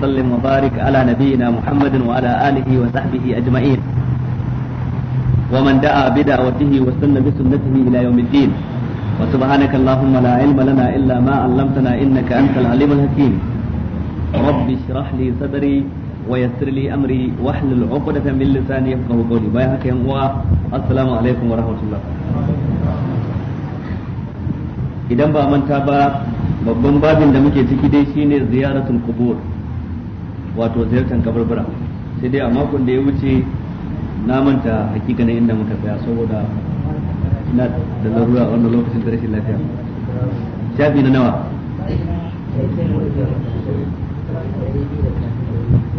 وسلم وبارك على نبينا محمد وعلى آله وصحبه أجمعين ومن دعا بدعوته وسن بسنته إلى يوم الدين وسبحانك اللهم لا علم لنا إلا ما علمتنا إنك أنت العليم الحكيم رب اشرح لي صدري ويسر لي أمري واحلل عقدة من لساني يفقه قولي بايعك يا السلام عليكم ورحمة الله idan ba manta ba babban babin da muke ciki dai shine ziyaratul qubur wato ziyartar kabarbura sai dai a makon da ya wuce na manta hakikanin inda muka tsaya saboda na da larura a wannan lokacin da rashin lafiya shafi na nawa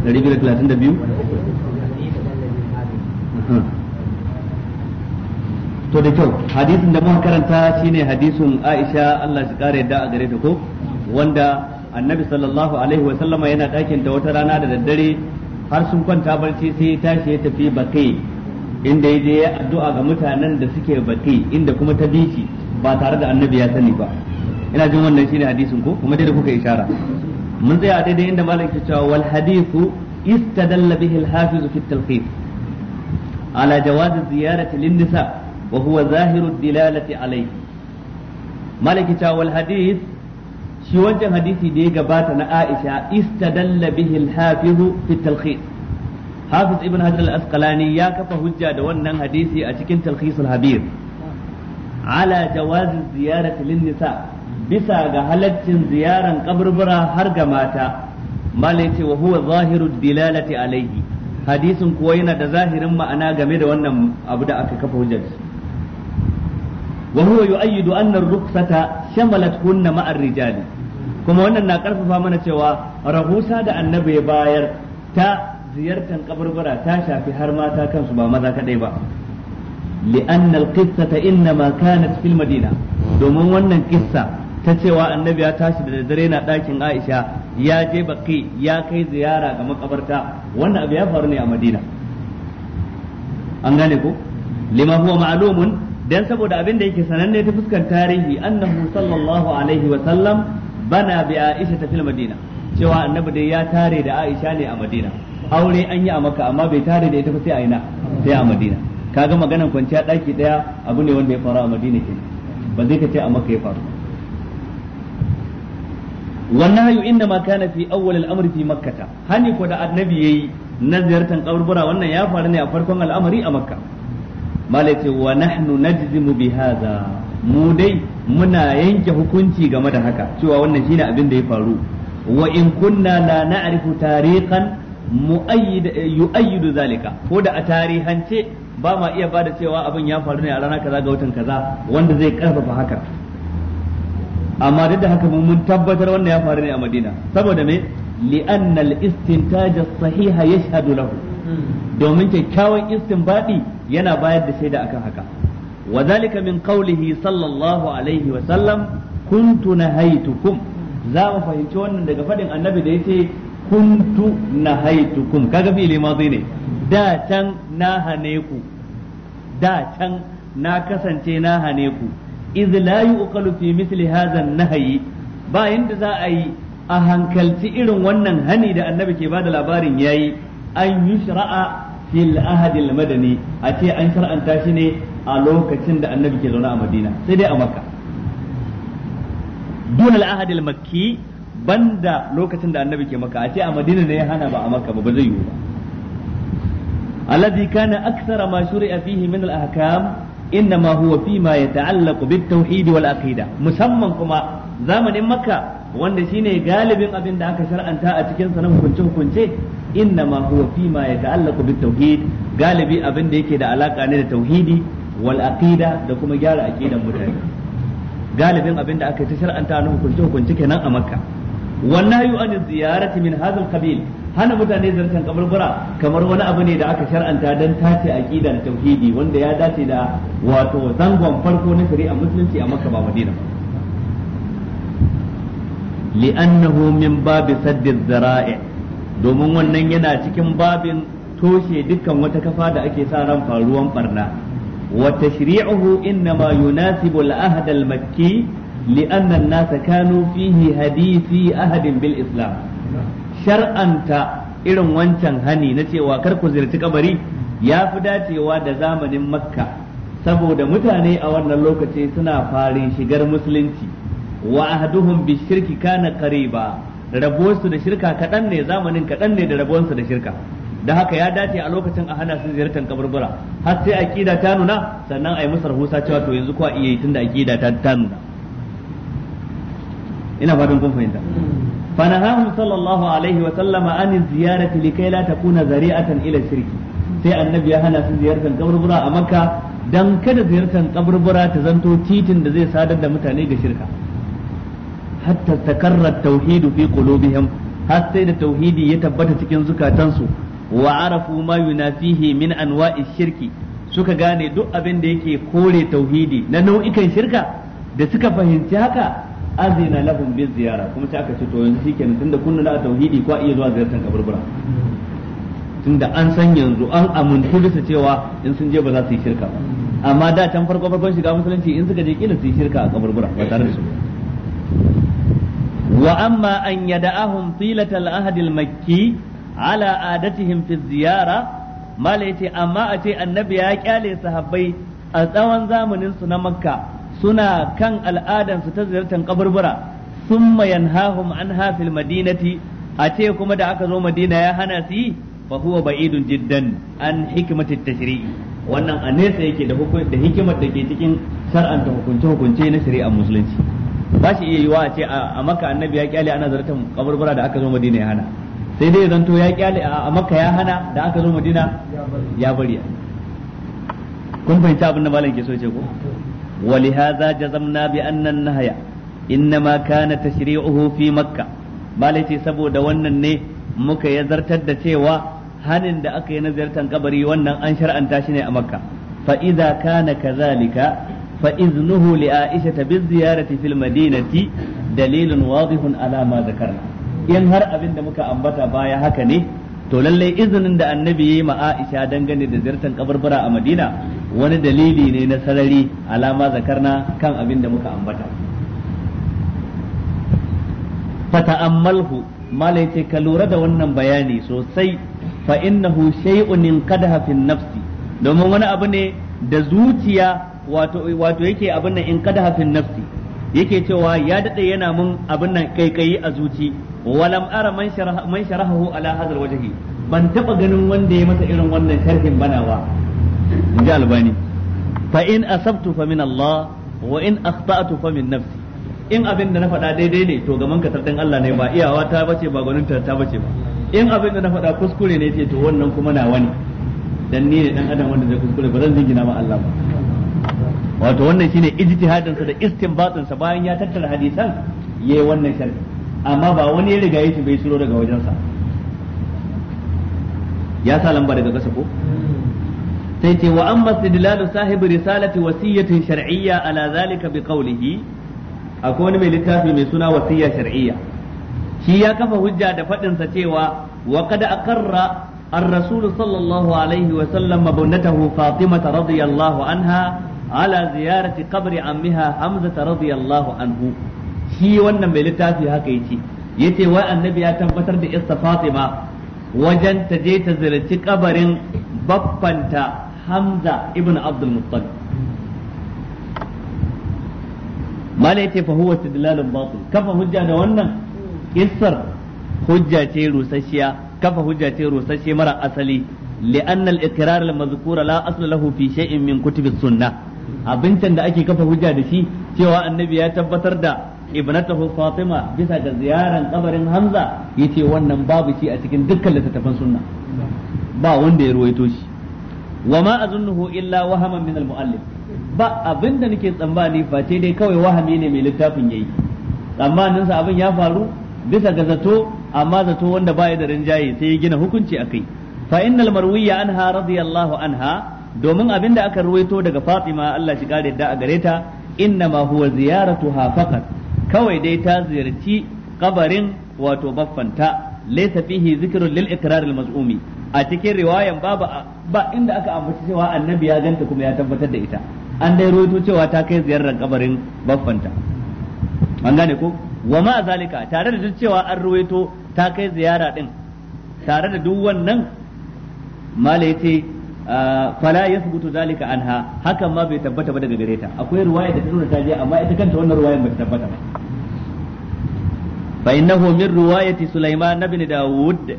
232 to da kyau hadisin da muka karanta shine hadisin Aisha Allah shi kare yadda a gare ta ko wanda annabi sallallahu alaihi wa sallama yana ɗakin da wata rana da daddare har sun kwanta barci sai ya tashi ya tafi bakai inda ya je ya addu'a ga mutanen da suke bakai inda kuma ta bi ba tare da annabi ya sani ba ina jin wannan shine hadisin ko kuma dai da kuka ishara mun tsaya a daidai inda malam ke cewa wal hadithu istadalla bihi al hafiz fi talqis ala jawaz ziyarati lin nisa wa huwa zahiru dilalati alayhi malam ke cewa wal hadith shi wancan hadisi da ya gabata na Aisha istadalla bihi al-hafiz fi talkhis Hafiz Ibn Hajar al-Asqalani ya kafa hujja da wannan hadisi a cikin Talkhis al-Habir ala jawazi ziyarati lin-nisa bisa ga halaccin ziyaran kaburbura har ga mata malai ce wa huwa zahiru dilalati alaihi hadisin kuwa yana da zahirin ma'ana game da wannan abu da aka kafa hujjar wa huwa yu'ayyidu anna ar shamalat hunna ma'ar rijali kuma wannan na karfafa mana cewa rahusa da annabi ya bayar ta ziyartar kaburbura ta shafi har mata kansu ba maza kadai ba li'anna al inna ma kanat fil madina domin wannan kissa ta cewa annabi ya tashi da dare na dakin Aisha ya je baki ya kai ziyara ga makabarta wannan abu ya faru ne a Madina an gane ko lima huwa ma'lumun dan saboda abin da yake sananne ta fuskan tarihi annahu sallallahu alaihi wa sallam bana bi Aisha ta fil Madina cewa annabi dai ya tare da Aisha ne a Madina aure an yi a Makka amma bai tare da ita ba sai a ina sai a Madina kaga maganan kwanciya daki daya abu ne wanda ya faru a Madina ke, ba zai kace a Makka ya faru wannan hayu inda ma kana fi awwal al-amr fi makkata hani ko da annabi yayi na ziyartar kaburbura wannan ya faru ne a farkon al'amari a Makka malai wa nahnu najzimu bi mu dai muna yanke hukunci game da haka cewa wannan shine abin da ya faru wa in kunna la na'rifu tariqan yu'ayyidu zalika ko da a tarihance ba ma iya bada cewa abin ya faru ne a rana kaza ga watan kaza wanda zai karfafa haka amma duk da haka mun tabbatar wannan ya faru ne a Madina saboda me li'anna al-istintaj as sahiha yashhadu lahu hmm. domin kyakkyawan istinbadi yana bayar da shaida akan haka wa min qawlihi sallallahu alaihi wa sallam kuntu za mu fahimci wannan daga fadin annabi da yace kuntu nahaitukum kaga fi'ili madhi ne da can na hane ku da can na kasance na hane ku idh la yuqalu fi mithli hadha nahyi ba inda za a yi a hankalci irin wannan hani da annabi ke bada labarin yayi an yushra'a fil ahadil madani a ce an shar'anta shi ne a lokacin da annabi ke zaune a madina sai dai a makka dun al ahadil makki banda lokacin da annabi ke makka a ce a madina ne ya hana ba a zai yiwu ba alladhi kana ma shuri'a fihi min al ahkam إنما هو فيما يتعلق بالتوحيد والعقيدة مسمى كما زمن مكة wanda shine galibin abin da aka shar'anta a cikin sa hukunce hukunce ma ya ta'allaku يتعلق tauhidi galibi abin da yake da alaka ne da tauhidi wal aqida da kuma gyara aqidan mutane galibin abin da aka yi ta shar'anta na hukunce hukunce kenan a makka wannan yu an ziyarati min hadhal qabil hana mutane zartan kaburbura kamar wani abu ne da aka shar'anta dan tace aqida da tauhidi wanda ya dace da wato zangon farko na a musulunci a makka ba madina ba li'annahu min babi sadd zara'i domin wannan yana cikin babin toshe dukkan wata kafa da ake sa ran faruwan barna wa tashri'uhu innama yunasibu al-ahd al-makki anna an-nas kanu fihi hadithi ahadin bil islam shar'anta irin wancan hani na cewa kar ku zirci kabari ya fi dacewa da zamanin makka saboda mutane a wannan lokaci suna farin shigar musulunci wa ahduhum bishirki kana qariba rabuwarsu da shirka kaɗan ne zamanin kaɗan ne da rabuwarsu da shirka da haka ya dace a lokacin a hana su ziyartar kaburbura har sai aqida ta nuna sannan a yi musu rahusa cewa to yanzu kuwa iya yi tunda aqida ta ta nuna ina fatan kun fahimta fanahahum sallallahu alaihi wa sallama an ziyarati likai la takuna zari'atan ila shirki sai annabi ya hana su ziyartar kaburbura a makka dan kada ziyartar kaburbura ta zanto titin da zai sadar da mutane ga shirka hatta takarra tauhidu fi qulubihim har sai da tauhidi ya tabbata cikin zukatansu wa arafu ma yunafihi min anwa'i shirki suka gane duk abin da yake kore tauhidi na nau'ikan shirka da suka fahimci haka azina lahum bi ziyara kuma sai aka ce to yanzu kenan tunda kun da tauhidi ko iya zuwa ziyartar kaburbura tunda an san yanzu an amintu bisa cewa in sun je ba za su yi shirka ba amma da can farko farkon shiga musulunci in suka je kila su yi shirka a kaburbura ba tare da su ba wa amma an ahun tilatal ahadil makki ala adatihim fi ziyara mala yace amma a ce annabi ya kyale sahabbai a tsawon zamanin su na makka suna kan al'adan su ta ziyartar kaburbura summa yanhahum an hafil madinati a ce kuma da aka zo madina ya hana su yi fa huwa ba'idun jiddan an hikmati tashri'i wannan a nesa yake da da hikimar da ke cikin shar'anta hukunce hukunce na shari'ar musulunci ba shi iya yiwa a ce a maka annabi ya kyale ana zartan kaburbura da aka zo madina ya hana sai dai zan to ya kyale a maka ya hana da aka zo madina ya bari ya, kun fahimci abin da malam ke so ce ko ولهذا جزمنا بأن النهي إنما kana تشريعه في مكة malai ce saboda wannan ne muka ya zartar da cewa hanin da aka yi na ziyartar kabari wannan an shar'anta shi ne a makka fa idza kana kazalika fa iznuhu li Aisha ta bi ziyarati fil dalilin dalilun wadihun ala ma zakarna in har abin da muka ambata baya haka ne to lallai izinin da annabi ya yi ma Aisha dangane da ziyartar kabarbara a Madina wani dalili ne na sarari alama zakarna kan abin da muka ambata fata'ammalhu malai ce ka lura da wannan bayani sosai fa innahu shay'un inqadaha fi nafsi domin wani abu ne da zuciya wato wato yake abin nan in kada hafin nafsi yake cewa ya dade yana mun abin nan kaikayi a zuci walam ara man sharaha man sharahu ala hadal wajhi ban taba ganin wanda ya masa irin wannan sharhin bana ba inji albani fa in asabtu fa min Allah wa in akhta'tu fa min nafsi in abin da na faɗa daidai ne to gaman kasar din Allah ne ba iyawa ta bace ba gwanin ta ta bace ba in abin da na faɗa kuskure ne ce to wannan kuma nawa ne dan ni ne dan adam wanda zai kuskure ba zan jingina ma Allah ba wato wannan shine ijtihadin sa da istinbatin sa bayan ya tattara hadisan yayi wannan sharhi amma ba wani ya riga ya shi bai shiro daga sa ya sa lamba daga kasa ko sai ce wa amma istidlalu sahibi risalati wasiyatin shar'iyya ala zalika bi qawlihi akwai wani mai littafi mai suna wasiyya shar'iyya shi ya kafa hujja da fadin sa cewa wa qad aqarra الرسول rasul الله عليه وسلم بنته فاطمة رضي الله anha. ala ziyarati qabri ammiha hamza radiyallahu anhu shi wannan mai littafi haka ya ce yace wai annabi ya tabbatar da ista fatima wajen ta je ta ziyarci kabarin baffanta hamza ibn abdul muttalib mala yace fa huwa istidlalun batil kafa hujja da wannan kissar hujja ce rusasshiya mara asali li'anna al-iqrar la asla lahu fi shay'in min kutubi sunnah abincin da ake kafa hujja da shi cewa annabi ya tabbatar da ibnatahu fatima bisa ga ziyaran kabarin hamza yace wannan babu shi a cikin dukkan littattafan sunna ba wanda ya ruwaito shi wa ma azunnuhu illa wahaman min almuallif ba abinda nake tsammani face dai kawai wahami ne mai littafin yayi tsammanin sa abin ya faru bisa ga zato amma zato wanda ba ya da rinjaye sai ya gina hukunci akai fa innal marwiya anha radiyallahu anha domin abin da aka ruwaito daga Fatima Allah shi kare da a gare ta ma huwa ziyaratuha faqat kawai dai ta ziyarci kabarin wato baffanta laysa fihi zikrun lil iqrar al maz'umi a cikin riwayan babu ba inda aka ambaci cewa annabi ya ganta kuma ya tabbatar da ita an dai ruwaito cewa ta kai ziyarar kabarin baffanta an gane ko wa ma zalika tare da duk cewa an ruwaito ta kai ziyara din tare da duk wannan malai ce. fala yathbutu zalika anha hakan ma bai tabbata ba daga gare ta akwai ruwaya ta nuna ta je amma ita kanta wannan ruwayan bata tabbata ba fa innahu min ruwayati sulaiman ibn daud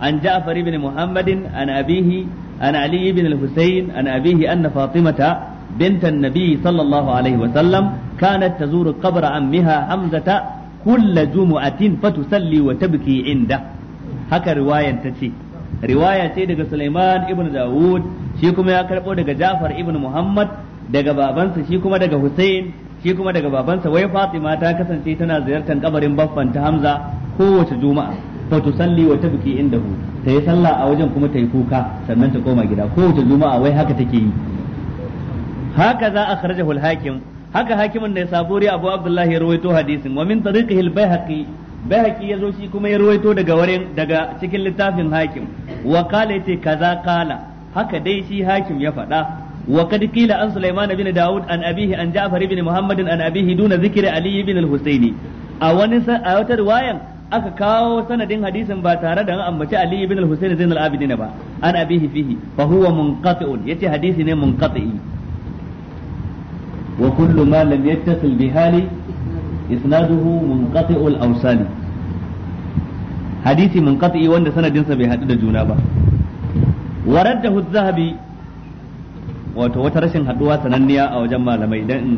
an ja'far ibn muhammadin an abihi an ali ibn al-husayn an abihi anna fatimata بنت النبي صلى الله عليه وسلم كانت تزور قبر عمها حمزة كل جمعة فتسلي وتبكي عنده haka riwayan ta ce riwaya ce daga Sulaiman ibn Dawud shi kuma ya karbo daga Ja'far ibn Muhammad daga babansa shi kuma daga Hussein shi kuma daga babansa wai Fatima ta kasance tana ziyartar kabarin baffan ta Hamza kowace juma'a fa tusalli wa tabki indahu ta yi sallah a wajen kuma ta yi kuka sannan ta koma gida kowace juma'a wai haka take yi haka za a kharajahu al-hakim haka hakimin ne saburi abu abdullahi ya rawaito hadisin wa min tariqihi al-baihaqi ya zo shi kuma ya ruwaito daga wurin daga cikin littafin hakim wa yace kaza Kala haka dai shi hakim ya faɗa وقد قيل عن سليمان bin داود an Abihi an Jafar بن محمد عن أبيه دون ذكر علي بن الحسيني Husaini a wata riwayan aka kawo sanadin hadisin ba tare da an ambaci Ali ibn al-Husayn Zainul Abidin ba an abihi fihi fa huwa munqati'un yace hadisi ne munqati'i wa kullu ma lam yattasil bi hali isnaduhu munqati'ul awsali hadisi munqati wanda sanadinsa bai hadu da juna ba waraddahu az-zahabi wato wata rashin haduwa sananniya a wajen malamai dan in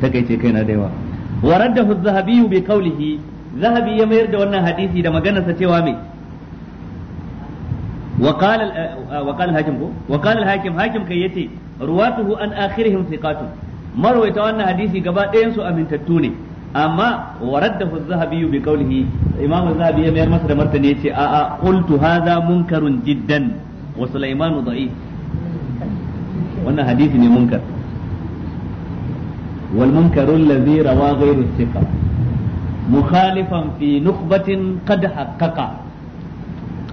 takeice kaina da yawa waraddahu az-zahabi bi qawlihi zahabi ya mayar da wannan hadisi da maganarsa cewa mai. وقال وقال الحاكم وقال الحاكم حاكم كي يتي رواته أن آخرهم ثقات marwaita wannan hadisi gaba ɗayan su amintattu ne amma waraddahu az-zahabi bi qawlihi imamu az-zahabi ya mayar masa da martani yace a a qultu hadha munkarun jiddan wa sulaymanu da'if wannan hadisi ne munkar wal munkaru allazi rawa ghayru thiqa mukhalifan fi nukhbatin qad haqqaqa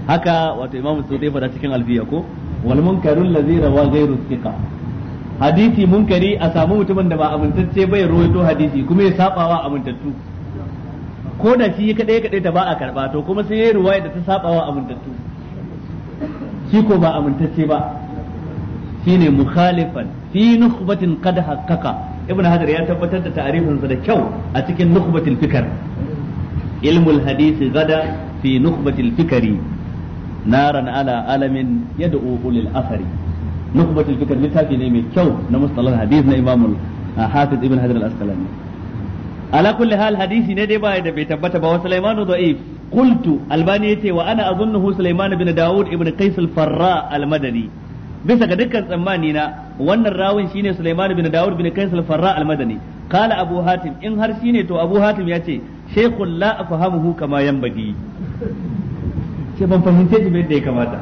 haka wato imamu sudai da cikin alfiya ko wal munkaru allazi rawa ghayru thiqa hadisi munkari a samu mutumin da ba amintacce bai ruwaito hadisi kuma ya sabawa amintattu ko da shi kadai kadai ta ba a karba to kuma sai ya ruwaya da ta sabawa amintattu shi ko ba amintacce ba shine mukhalifan fi nukhbatin qad haqqaqa ibn hadar ya tabbatar da ta'arifin sa da kyau a cikin nukhbatil fikr ilmul hadisi gada fi nukhbatil fikri naran ala alamin yad'u ulil asari nukhbatul fikr littafi ne mai kyau na mustalah hadith na imam hafiz ibn hajar al-asqalani ala kulli hal hadisi ne dai ba da bai tabbata ba wa sulaimanu da'if qultu albani yace wa ana azunnuhu sulaiman ibn daud ibn farra bisa ga dukkan tsammani na wannan rawin shine sulaiman bin daud ibn qais al-farra al-madani qala abu hatim in har shine to abu hatim ce shaykhul la afhamuhu kama yanbaghi ce ban fahimce shi da ya kamata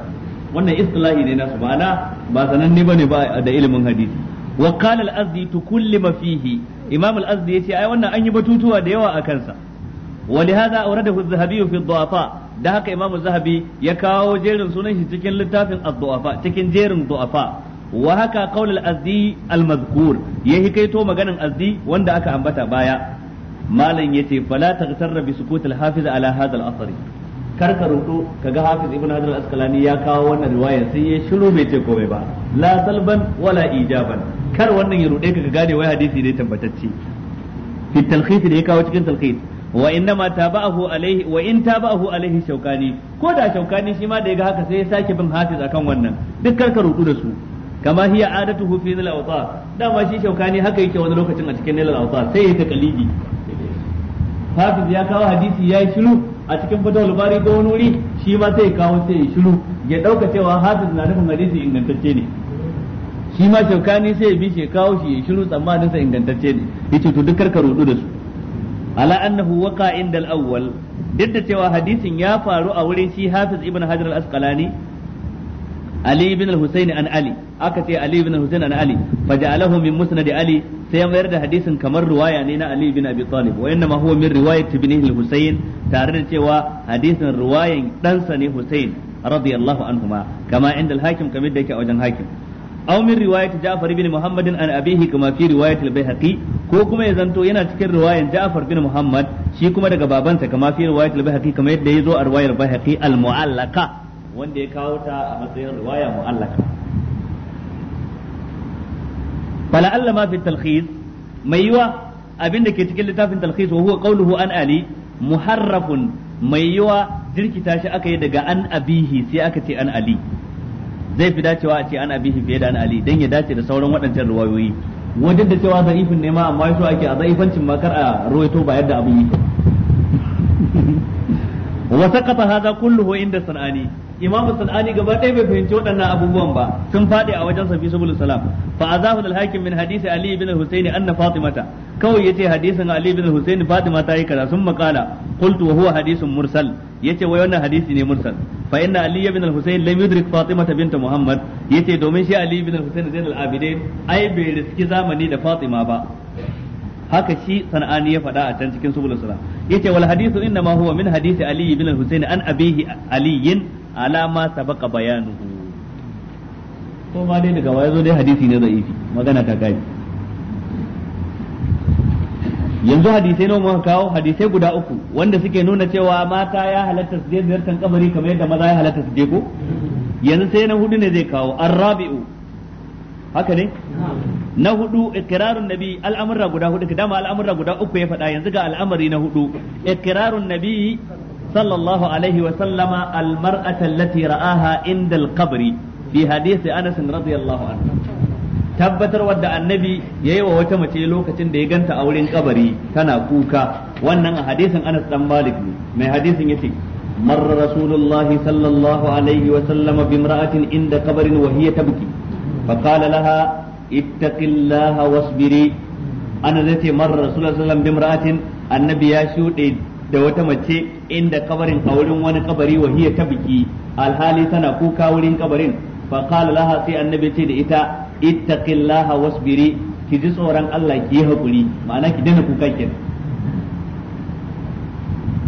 wannan istilahi ne nasu ma'ana ba sananne bane ba da ilimin hadisi wa qala al-azdi tukullima fihi imam al-azdi yace ai wannan an yi batutuwa da yawa a kansa wa lihadha awradahu az-zahabi fi ad-du'afa da haka imam az-zahabi ya kawo jerin sunan shi cikin littafin ad-du'afa cikin jerin du'afa wa haka qaul al-azdi al-mazkur yahi kaito maganan azdi wanda aka ambata baya malam yace fala taghtarra bi sukut al-hafiz ala hadha al-asri kar ka rudu kaga hafiz ibn hajar askalani ya kawo wannan riwaya sai ya shiru bai ce komai ba la salban wala ijaban kar wannan ya rude ka gane wai hadisi ne tabbatacce fi talkhis da ya kawo cikin talkhis wa inna ma tabahu alaihi wa in tabahu alaihi shaukani ko da shaukani shi ma da yaga haka sai ya sake bin hafiz akan wannan duk kar ka rudu da su kama hiya adatuhu fi nil awtar dama shi shaukani haka yake wani lokacin a cikin nil awsa sai ya ta kalidi hafiz ya kawo hadisi ya yi shiru a cikin fatawul bari ko wani wuri shi ma sai kawo sai ya shiru ya dauka cewa hafiz na nufin hadisi ingantacce ne shi ma shaukani sai ya bi shi kawo shi ya shiru tsammanin sa ingantacce ne yace to dukkan ka rudu da su ala annahu waqa indal awwal duk da cewa hadisin ya faru a wurin shi hafiz ibn hajar al-asqalani Ali ibn al-Husayn Ali aka ce Ali ibn al-Husayn an Ali faja'alahu min musnad Ali sai mayar da hadisin kamar riwaya ne na Ali ibn Abi Talib wa inma huwa min riwayat ibn al-Husayn tare da cewa hadisin riwayan ɗansa ne Husayn radiyallahu anhuma kama inda hakim kamar da yake a wajen Hakim aw min riwayat Ja'far ibn Muhammad an abihi kama fi riwayat al-Baihaqi ko kuma ya zanto yana cikin riwayan Ja'far bin Muhammad shi kuma daga babansa kama fi riwayat kamar yadda ya zo a riwayar Baihaqi al-Mu'allaqa wanda ya kawo ta a matsayin riwaya mu'allaka Bala alla ma fi talkhis mai yiwa abinda ke cikin littafin talkhis wa huwa qawluhu an ali muharrafun mai yiwa jirkita shi aka yi daga an abihi sai aka ce an ali zai fi dacewa a ce an abihi fiye da an ali dan ya dace da sauran waɗancan riwayoyi wajen da cewa za'ifin ne ma amma yaso ake a za'ifancin makar a ruwaito ba yadda abin yake wa saqata hadha kulluhu inda sanani imam sanani gaba ɗaya bai fahimci waɗannan abubuwan ba sun faɗi a wajen safi subul salam fa azahu al hakim min hadisi ali ibn husayn anna fatimata kawai yace hadisin ali ibn husayn fatima ta yi kaza sun makala qultu wa huwa hadisun mursal yace wai wannan hadisi ne mursal fa inna ali ibn al husayn lam yudrik fatimata bint muhammad yace domin shi ali ibn al husayn zainul abidin ai bai riski zamani da fatima ba haka shi sana'ani ya fada a can cikin subul salam yace wal hadithu inna ma huwa min hadisi ali ibn al-husayn an abihi ali alama sabaka bayanuhu ko ma dai daga wayo zo dai hadisi ne yi magana ta kai yanzu hadisai nawa muka kawo hadisai guda uku wanda suke nuna cewa mata ya halatta su je ziyartar kabari kamar yadda maza ya halatta su je ko yanzu sai na hudu ne zai kawo arrabi'u haka ne na hudu ikrarun nabi al'amurra guda hudu dama al'amurra guda uku ya faɗa yanzu ga al'amari na hudu ikrarun nabi sallallahu alaihi wa sallama almar'ata allati ra'aha inda alqabri bi hadisi Anas radiyallahu anhu tabbatar wadda annabi yi wa wata mace lokacin da ya ganta a wurin kabari tana kuka wannan a hadisin Anas dan Malik ne mai hadisin yace مر رسول الله صلى الله عليه وسلم بامرأة عند قبر وهي تبكي فقال لها اتق الله واصبري أنا ذاتي مر رسول الله صلى الله عليه وسلم بامرأة da wata mace inda kabarin a wurin wani kabari wa hiya ta biki alhali tana kuka wurin kabarin fa qala laha sai annabi ce da ita ittaqillaha wasbiri ki ji tsoron Allah ki yi hakuri ma'ana ki daina kuka kenan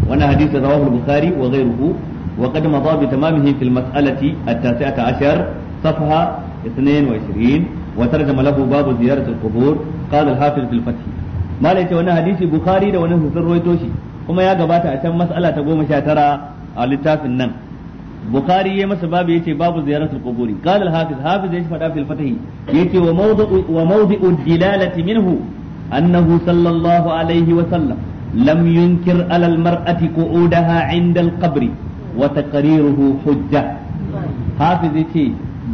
wannan hadisi rawahu al-bukhari wa ghayruhu wa qad madha bi tamamihi fil mas'alati at-tasi'ata ashar safha 22 وترجم له باب زيارة القبور قال الحافظ في الفتح ما ليس وانا حديث بخاري ده وانا حسن رويتوشي kuma ya gabata a can mas'ala ta goma sha tara a littafin nan bukhari ya masa babu yace babu ziyaratul quburi qala al-hafiz hafiz yace fada fil fatih yace wa mawdu'u wa mawdu'u dilalati minhu annahu sallallahu alaihi wa sallam lam yunkir ala al-mar'ati qu'udaha 'inda al-qabri wa taqriruhu hujja hafiz yace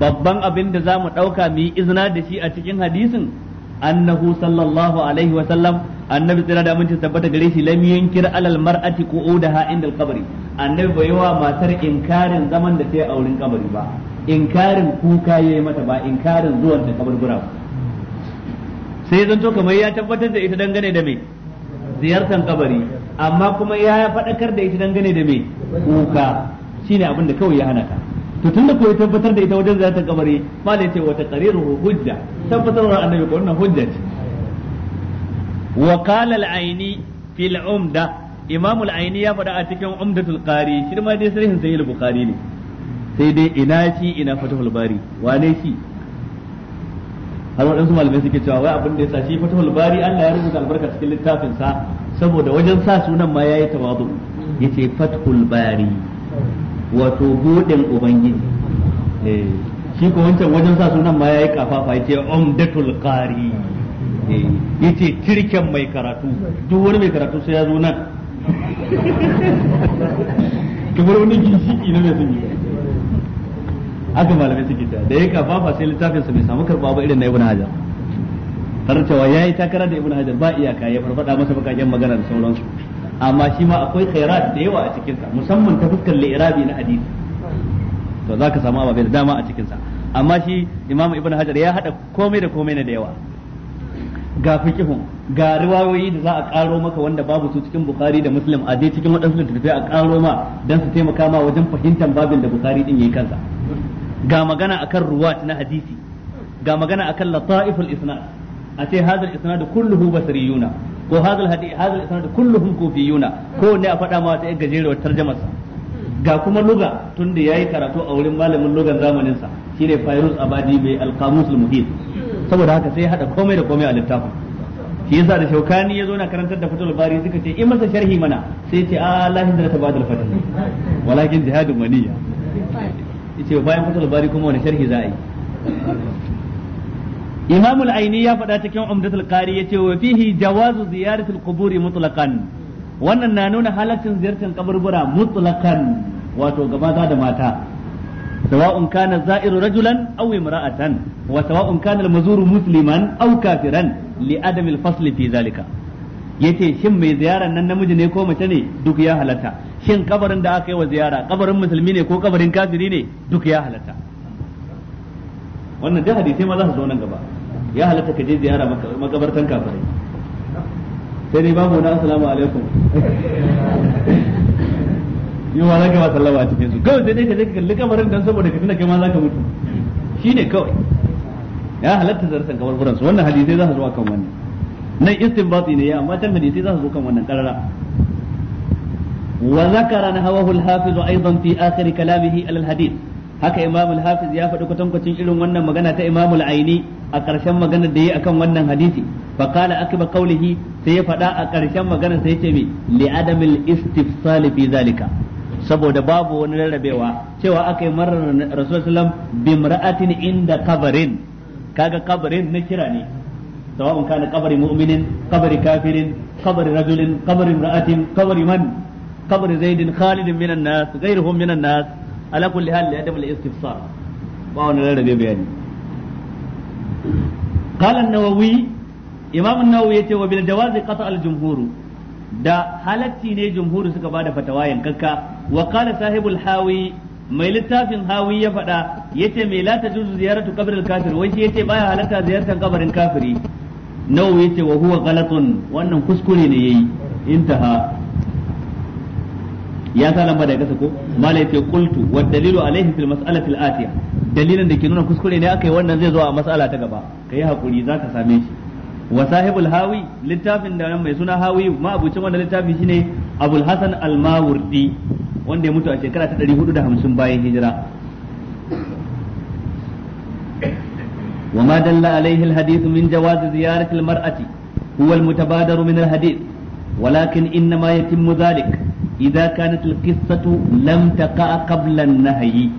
babban abin da zamu dauka mu yi izina da shi a cikin hadisin annahu sallallahu alaihi wa sallam annabi tsira da aminci tabbata gare shi lam yankir alal mar'ati qu'udaha inda al-qabri annabi bai wa matar inkarin zaman da ta yi a wurin kabari ba inkarin kuka yayi mata ba inkarin zuwan ta kaburbura sai to kamar ya tabbatar da ita dangane da me ziyartar kabari amma kuma ya faɗakar da ita dangane da me kuka shine abin da kawai ya hana ta to tunda ko ya tabbatar da ita wajen ziyartar kabari malai ce wata qariru hujja tabbatar da annabi ko wannan hujja ce wa qala al-aini fil umda ya faɗa a cikin umdatul qari ma dai sharhin sahih al-bukhari ne sai dai ina shi ina fatahul bari wane shi har waɗansu malamai suke cewa wai abin da ya sa shi fatahul Allah ya rubuta albarka cikin littafin sa saboda wajen sa sunan ma yayi tawadu yace wato ubangiji eh, shi ko wancan wajen sa sunan ma Eh, yace tirken mai karatu duk wani mai karatu sai ya zo nan kamar wani ginshiki na mai sun yi haka malamai suke ta da yake fafa sai littafin sa bai samu karba ba irin na ibn hajar har cewa yayi takara da ibn hajar ba iyaka ya farfada masa bakakken magana da sauransu amma shi ma akwai khairat da yawa a cikin sa musamman ta fuskar li'irabi na hadisi to zaka samu ababe da dama a cikin sa amma shi imamu ibn hajar ya hada komai da komai na da yawa ga fiqhun ga riwayoyi da za a karo maka wanda babu su cikin bukhari da muslim a dai cikin wadansu littattafai a karo ma don su taimaka ma wajen fahimtar babin da bukhari din yayi kansa ga magana akan ruwat na hadisi ga magana akan lataiful isnad a ce hadal isnad kulluhu basriyuna ko hadal hadi hadal isnad kulluhum kufiyuna ko ne a faɗa ma ta gajerewar tarjumarsa ga kuma luga tunda yayi karatu a wurin malamin lugan zamanin sa shine Fairuz Abadi mai al-Qamus al-Muhit saboda haka sai ya hada komai da komai a littafin shi yasa da shaukani ya zo na karantar da fatul bari suka ce in masa sharhi mana sai ce a ah, lahin da ta badal fatul walakin jihadun maniya yace bayan fatul bari kuma wani sharhi za a yi Imam al-Aini ya fada cikin Umdatul Qari yace wa fihi jawazu ziyaratul qubur mutlaqan wannan na nuna halaccin ziyartar kaburbura mutlaqan wato gaba da mata sawa'un kana za'iru rajulan aw imra'atan wa sawa'un kana al-mazuru musliman aw kafiran li adami al-fasl fi zalika yace shin mai ziyara nan namiji ne ko mace ne duk ya halatta shin kabarin da aka yi wa ziyara kabarin musulmi ne ko kabarin kafiri ne duk ya halatta wannan dai hadisi ma za su zo nan gaba ya halatta ka je ziyara makabartan kafirai sai dai babu na assalamu alaikum yi ma za ka ba sallama a cikin su kawai sai dai ka je ka kalli kamarin dan saboda ka tuna kai ma za ka mutu shi ne kawai ya halatta zartan kabarburan su wannan hadisai za su zo kan wannan nan istinbati ne ya amma tan hadisai za su zo kan wannan karara wa zakara nahawahu al-hafiz aidan fi akhir kalamihi ala al-hadith haka imam al-hafiz ya faɗi kwatankwacin irin wannan magana ta imam al-aini a ƙarshen maganar da yi akan wannan hadisi fa akiba qawlihi sai ya faɗa a ƙarshen maganar sai yace me li adam al-istifsal fi zalika saboda babu wani rarrabewa cewa aka yi marar rasul bimra'atin inda kabarin kaga kabarin na kira ne sawa'un kana kabari mu'minin kabari kafirin kabari rajulin kabari imra'atin kabari man kabari zaidin khalidin minan nas ghairuhum minan nas ala kulli hal ya dabal istifsar ba wani rarrabe bayani qala an-nawawi imam an-nawawi yace wa bil jawazi qata al-jumhur da halacci ne jumhuri suka bada fatawa yankakka wa qala sahibul hawi mai littafin hawi ya faɗa yace mai la juzu ziyaratu qabril kafir wai shi yace baya halatta ziyartar kabarin kafiri nau yace wa huwa ghalatun wannan kuskure ne yayi intaha ya sa lamba da kasa ko mala yace qultu wa dalilu alaihi fil mas'alati al atiya dalilin da ke nuna kuskure ne akai wannan zai zo a mas'ala ta gaba kai hakuri zaka same shi wa sahibul hawi littafin da mai suna hawi ma abucin wannan littafi shine Abulhassan hasan al wanda ya mutu a shekara ta 450 bayan hijira wa ma dalla alaihi al-hadith min jawaz ziyarat al-mar'ati huwa al-mutabadar min al-hadith walakin inna ma yatimmu dhalik idza kanat al-qissatu lam taqa qabla an-nahyi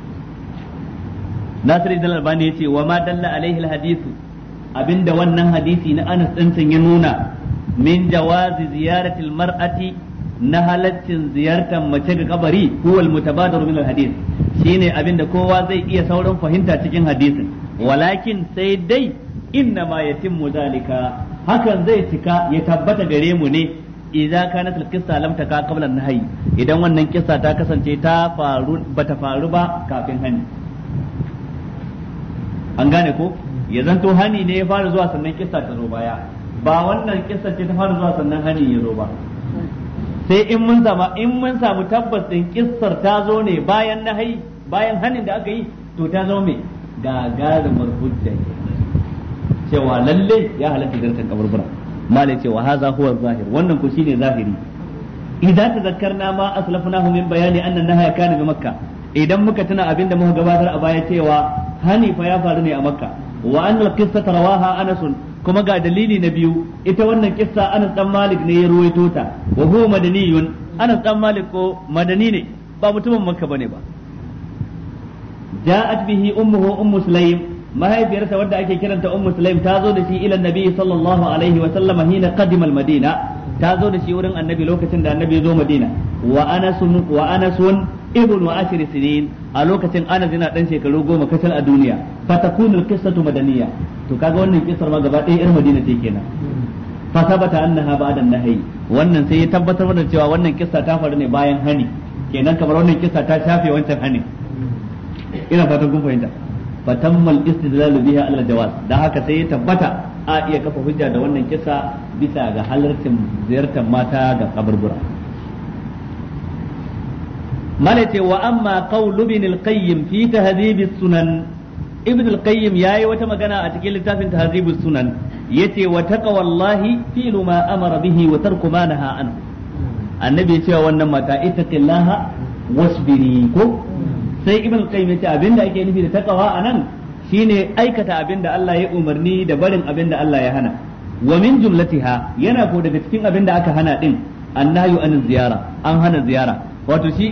Nasir Ibn yace wa ma dalla alaihi al abinda wannan hadisi na Anas ɗin din ya nuna min jawazi ziyaratil mar'ati na halaccin ziyartar mace ga kabari huwa mutabadaru min alhadith shine abinda kowa zai iya saurin fahimta cikin hadisin walakin sai dai inna ma yatimmu zalika hakan zai cika ya tabbata gare mu ne idza kanat alqissa lam taka qabla nahyi idan wannan kissa ta kasance ta faru bata faru ba kafin hani an gane ko ya zanto hani ne ya fara zuwa sannan kissa ta zo baya ba wannan kissa ce ta fara zuwa sannan hani ya zo ba sai in mun zama in mun samu tabbas din kissar ta zo ne bayan na hai bayan hanin da aka yi to ta zo me gagarumar hujja cewa lalle ya halatta garkan kaburbura malai cewa haza huwa zahir wannan ku shine zahiri idan tazakkarna ma aslafnahu min bayani anna nahaya kana bi makka idan muka tuna abinda muka gabatar a baya cewa hani fa ya faru ne a makka wa annal qissata rawaha anas kuma ga dalili na biyu ita wannan kissa Anas dan Malik ne ya ruwaito ta wa huwa madaniyun Anas dan Malik ko madani ne ba mutumin Makka bane ba ja'at bihi ummuhu ummu Sulaim mahaifiyarsa wadda ake kiranta ummu Sulaim ta zo da shi ila nabi sallallahu alaihi wa sallama hina kadimal madina ta zo da shi wurin annabi lokacin da annabi ya zo Madina wa ibn wa ashir sinin a lokacin ana yana dan shekaru goma kasal a duniya fa takunu al-qissatu madaniya to kaga wannan kissar ma gaba ɗaya yar madina ce kenan fa sabata annaha ba'da nahyi wannan sai ya tabbatar da cewa wannan kissa ta faru ne bayan hani kenan kamar wannan kissa ta shafe wancan hani ina fatan kun fahimta fa tammal istidlal biha ala jawaz dan haka sai ya tabbata a iya kafa hujja da wannan kissa bisa ga halartin ziyartar mata ga kaburbura malace wa amma qawlu ibn al-qayyim fi tahdhib sunan ibn al-qayyim yayi wata magana a cikin littafin tahdhib sunan yace wa taqwallahi fi ma amara bihi wa tarku ma naha an. annabi ya ce wannan mata ittaqillaha wasbiri ko sai ibn al-qayyim yace abinda ake nufi da taqwa anan shine aikata abinda Allah ya umarni da barin abinda Allah ya hana wa min jumlatiha yana ko daga cikin abinda aka hana din annahu an ziyara an hana ziyara wato shi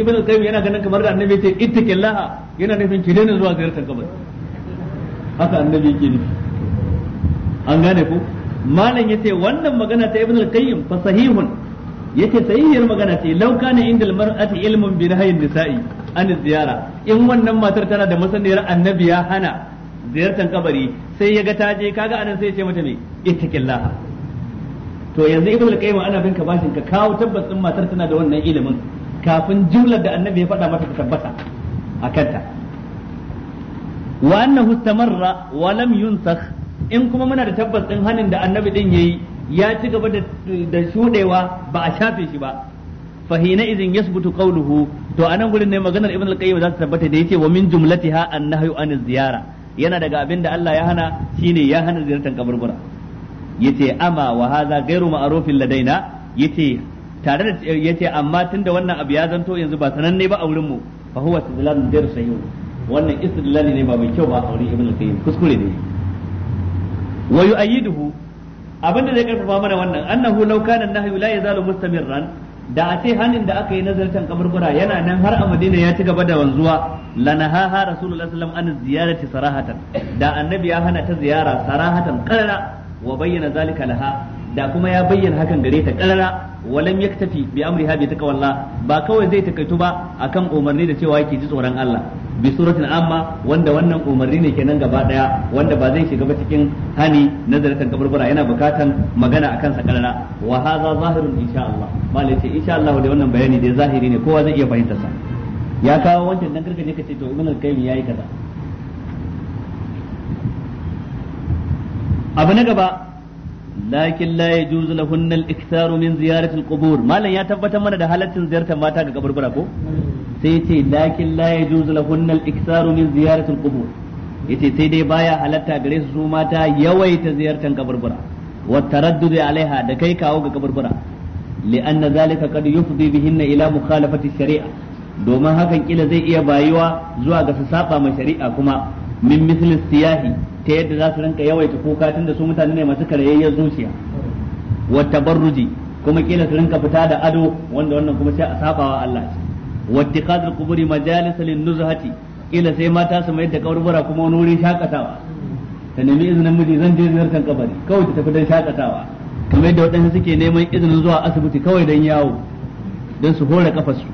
ibn al-qayyim yana ganin kamar da annabi ce ittaqillaha yana nufin ki daina zuwa ziyartar kabari haka annabi yake nufi an gane ko malam yace wannan magana ta ibn al-qayyim fa sahihun yace sahihiyar magana ce law kana indal mar'ati ilmun bi nahyin nisa'i an ziyara in wannan matar tana da masaniyar annabi ya hana ziyartar kabari sai ya ga ta je kaga anan sai ya ce mata me ittaqillaha to yanzu ibn al-qayyim ana binka bashin ka kawo tabbacin matar tana da wannan ilimin kafin jumlar da annabi ya faɗa mata ta tabbata a kanta wa annahu istamarra wa lam yunsakh in kuma muna da tabbas din hanin da annabi din yayi ya ci gaba da da shudewa ba a shafe shi ba fa hina idin yasbutu qawluhu to anan gurin ne maganar ibn al-qayyim za ta tabbata da yace wa min jumlatiha annahu an ziyara yana daga abin da Allah ya hana shine ya hana ziyartar kaburbura yace ama wa hadha ghayru ma'rufin ladaina yace tare da ce amma tun da wannan abu ya zanto yanzu ba sananne ba a wurin mu fa huwa istidlalun ghayr sahih wannan istidlali ne ba mai kyau ba a wurin ibn al-qayyim kuskure ne wa yu'ayyiduhu abinda zai karfafa mana wannan annahu law kana an-nahyu la yazalu mustamirran da a ce hannun da aka yi nazartan kaburbura yana nan har a madina ya ci gaba da wanzuwa lanahaha rasulullahi sallallahu alaihi wasallam an ziyarati sarahatan da annabi ya hana ta ziyara sarahatan qarara wa bayyana zalika laha da kuma ya bayyana hakan gare ta karara walam yaktafi bi amri habi ta kawalla ba kawai zai takaitu ba akan umarni da cewa yake ji tsoron Allah bi suratun amma wanda wannan umarni ne kenan gaba daya wanda ba zai shiga ba cikin hani nazaratan kaburbura yana bukatan magana akan sa karara wa hadha zahirun insha Allah malai ce insha Allah da wannan bayani da zahiri ne kowa zai iya fahimta sa ya kawo wancan dan gargaje kace to ibn al-qayyim yayi kaza abu na gaba lakin la yajuz lahunna al-iktharu min ziyarati ya tabbatar mana da halaccin ziyartar mata ga kaburbura ko sai yace lakin la yajuz lahunna al-iktharu min ziyarati al-qubur yace sai dai baya halarta gare su mata yawaita ziyartar kaburbura wa taraddud alaiha da kai kawo ga kaburbura li'anna zalika kad yufdi bihinna ila mukhalafati shari'a domin hakan kila zai iya bayuwa zuwa ga su saba ma shari'a kuma min mislis siyahi ta yadda za su rinka yawaita kuka tunda su mutane ne masu karayayyar zuciya wa tabarruji kuma kila su rinka fita da ado wanda wannan kuma sai a sabawa Allah wa ittikhadul quburi majalis lin nuzhati kila sai mata su mai da kaburbura kuma wani wurin shakatawa ta nemi izinin miji zan je ziyartar kabari kawai ta tafi don shakatawa kamar yadda waɗansu suke neman izinin zuwa asibiti kawai don yawo don su hore kafarsu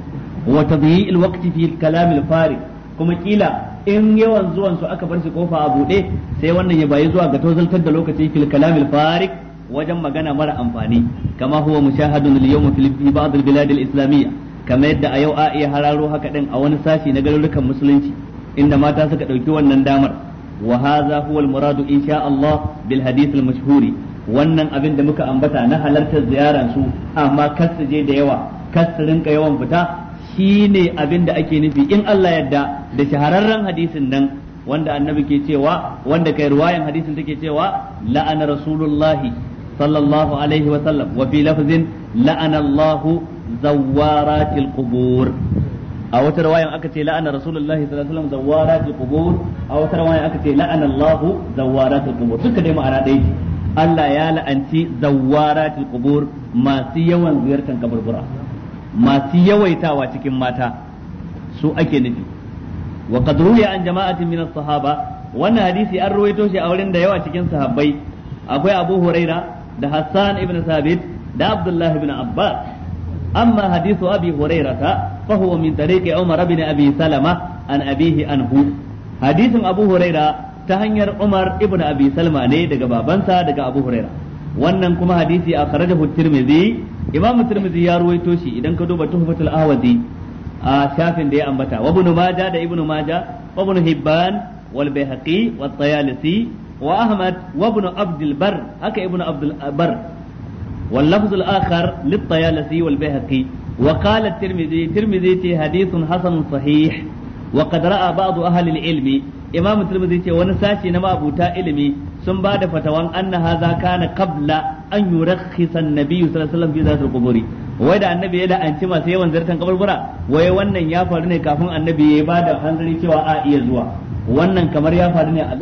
wa tadyi'il waqti fi kalam al kuma kila in yawan zuwan su aka bar shi kofa a bude sai wannan ya bayi zuwa ga tozaltar da lokaci fil kalamil farik wajen magana mara amfani kama huwa mushahadun al yawm fil ba'd al bilad al islamiyya kama yadda a yau a iya hararo haka din a wani sashi na garurukan musulunci inda mata suka dauki wannan damar wa hadha huwa al muradu insha Allah bil hadith al mashhuri wannan abin da muka ambata na halartar ziyaran su amma kar su je da yawa kasu su rinka yawan fita Shi ne abin da ake nufi in Allah yadda da shahararren hadisin nan wanda annabi ke cewa wanda kai ruwayan hadisin take cewa la'ana rasulullahi sallallahu alaihi wa sallam wa fi lafzin la'ana Allah zawaratil qubur a wata ruwayan aka ce la'ana rasulullahi sallallahu alaihi wa sallam zawaratil qubur a wata ruwayan aka ce la'ana Allahu zawaratul qubur duka dai ma'ana ɗaya Allah ya la'anci zawaratul qubur masu yawan ziyartar kaburbura masu yawaitawa cikin mata su ake nufi wa qad ruwiya an jama'atin min as-sahaba wannan hadisi an ruwaito shi a wurin da yawa cikin sahabbai akwai Abu Huraira da Hassan ibn Sabit da Abdullah ibn Abbas amma hadisu Abi ta fa huwa min tariqi Umar ibn Abi Salama an abihi anhu hadisin Abu Huraira ta hanyar Umar ibn Abi Salma ne daga babansa daga Abu Huraira wannan kuma hadisi a kharajahu Tirmidhi imam tirmidhi ya ruwaito shi idan ka duba tuhfatul awadi a shafin da ya ambata wa ibn da ibn majah wa ibn hibban wal bayhaqi wa tayalisi wa ahmad wa ibn abdul bar haka ibn abdul bar wal lafz al akhar lit tayalisi wal bayhaqi wa qala tirmidhi tirmidhi ti hasan sahih wa qad ra'a ba'd ilmi imam tirmidhi ce wani sashi na mabuta ilimi sun ba da fatawan anna haza kana qabla an yurakhisa an-nabi sallallahu alaihi wasallam fi zatul quburi wai da annabi ya da la'anci masu yawan zartan kaburbura wai wannan ya faru ne kafin annabi ya ba da hanzari cewa a iya zuwa wannan kamar ya faru ne a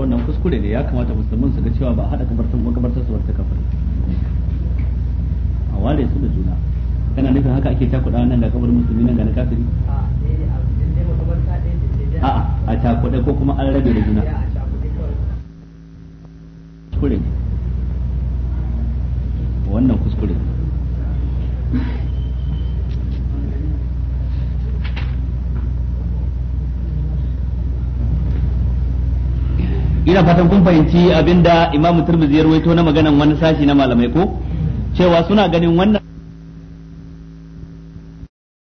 wannan kuskure ne ya kamata musulmin su ga cewa ba hada haɗa makabartar su wata kafar a ware su da juna kana nufin haka ake cakuɗa nan ga kabarin musulmi nan ga na kafiri a cakuɗe ko kuma an rabe da juna kuskure wannan kuskure ina fatan kun fahimci abinda imamu turmizi ya rawaito na maganan wani sashi na malamai ko cewa suna ganin wannan